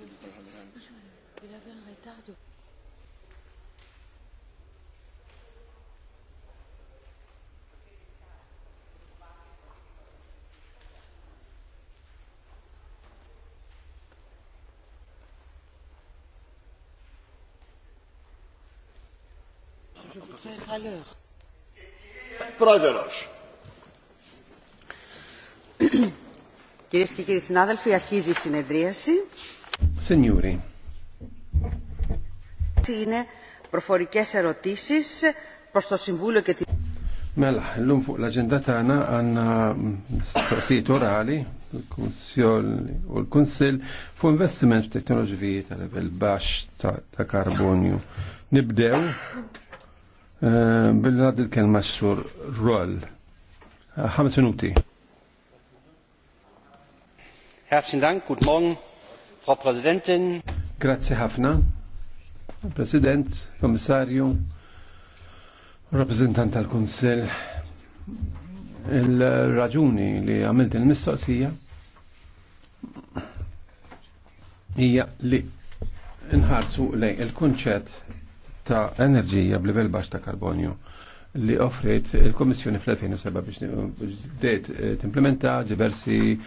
Il avait un retard de Je voudrais être à l'heure. Πρόεδρος. Κυρίες και κύριοι συνάδελφοι, αρχίζει η συνεδρίαση. Signori. Tine, προφορικές ερωτήσεις προς το Συμβούλιο και την... Mela, l-lum fuq l-agenda tagħna għandna mm, mistoqsijiet orali u l-Kunsill fuq investiment f'teknoloġiji ta' level baxx ta' karbonju. Nibdew eh, bil-għad il-kelma xur roll. Ħames minuti. Herzlichen Dank, guten Morgen. Frau Präsidentin. Grazie ħafna. President, Kommissarju, Rappresentant tal-Kunsel. Il-raġuni li għamilt il-mistoqsija hija li nħarsu lejn il-kunċett ta' enerġija b'livell baxx ta' karbonju li offrit il-Komissjoni fl-2007 biex bdejt eh, timplementa diversi